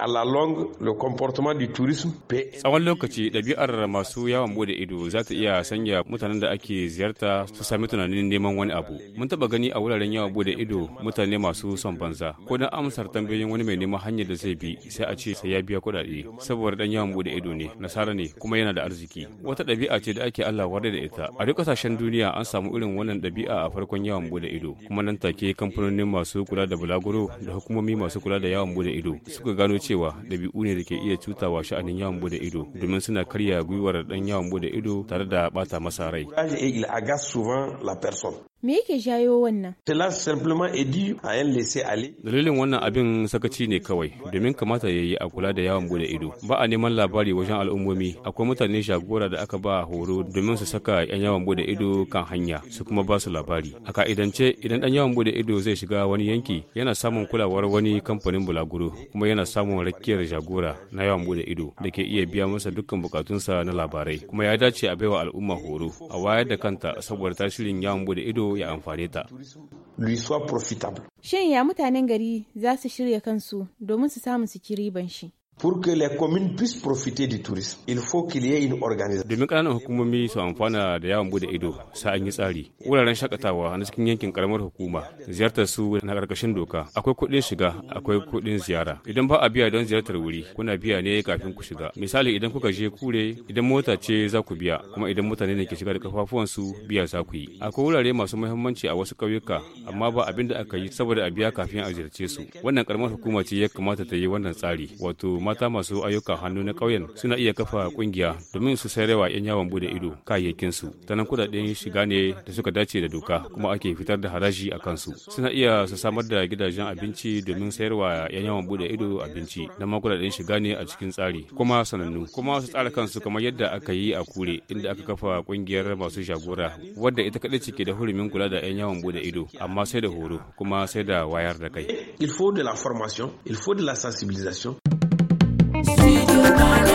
a la le comportement du tourisme Tsawon lokaci ɗabi'ar masu yawon bude ido za ta iya sanya mutanen da ake ziyarta su sami tunanin neman wani abu. Mun taba gani a wuraren yawon bude ido mutane masu son banza. Ko dan amsar tambayoyin wani mai neman hanyar da zai bi sai a ce sai ya biya kuɗaɗe saboda dan yawon bude ido ne, nasara ne kuma yana da arziki. Wata ɗabi'a ce da ake Allah warda da ita. A duk kasashen duniya an samu irin wannan ɗabi'a a farkon yawon bude ido kuma nan take kamfanonin masu kula da bulaguro da hukumomi masu kula da yawon bude ido suka gano cewa dabi'u ne da ke iya cutawa sha'anin yawon bude ido domin suna karya gwiwar ɗan yawon bude ido tare da bata masa rai. Me yake jayo wannan? Dalilin wannan abin sakaci ne kawai, domin kamata ya yi a kula da yawon bude ido. Ba a neman labari wajen al'ummomi, akwai mutane shagora da aka ba horo domin su saka 'yan yawon bude ido kan hanya, su kuma ba su labari. A ka'idance, idan ɗan yawon bude ido zai shiga wani yanki, yana samun kulawar wani kamfanin bulaguro, kuma yana samun rakiyar jagora na yawon bude ido da ke iya biya masa dukkan bukatunsa na labarai. Kuma ya dace a baiwa al'umma horo, a wayar da kanta saboda tasirin yawon bude ido ya amfane ta. Shin ya mutanen gari za su shirya kansu domin su samu su ci riban shi? pour que les communes puissent profiter du tourisme il faut qu'il y ait une organisation domin kananan hukumomi su amfana da yawon bude ido sa an yi tsari wuraren shakatawa na cikin yankin karamar hukuma ziyartar su na karkashin doka akwai kuɗin shiga akwai kuɗin ziyara idan ba a biya don ziyartar wuri kuna biya ne kafin ku shiga misali idan kuka je kure idan mota ce za ku biya kuma idan mutane ne ke shiga da su biya za ku yi akwai wurare masu muhimmanci a wasu ƙauyuka amma ba abin da aka yi saboda a biya kafin a ziyarce su wannan karamar hukuma ce ya kamata ta yi wannan tsari wato mata masu ayyukan hannu na ƙauyen suna iya kafa ƙungiya domin su sayarwa 'yan yawon bude ido kayayyakinsu ta nan kudaden shiga ne da suka dace da doka kuma ake fitar da haraji a kansu suna iya su samar da gidajen abinci domin sayarwa 'yan yawon bude ido abinci da ma kudaden shiga ne a cikin tsari kuma sanannu kuma su tsara kansu kamar yadda aka yi a kure inda aka kafa ƙungiyar masu jagora wadda ita kaɗai cike ke da hurumin kula da 'yan yawon bude ido amma sai da horo kuma sai da wayar da kai. Il faut de la formation, il faut de la sensibilisation. you Ghana.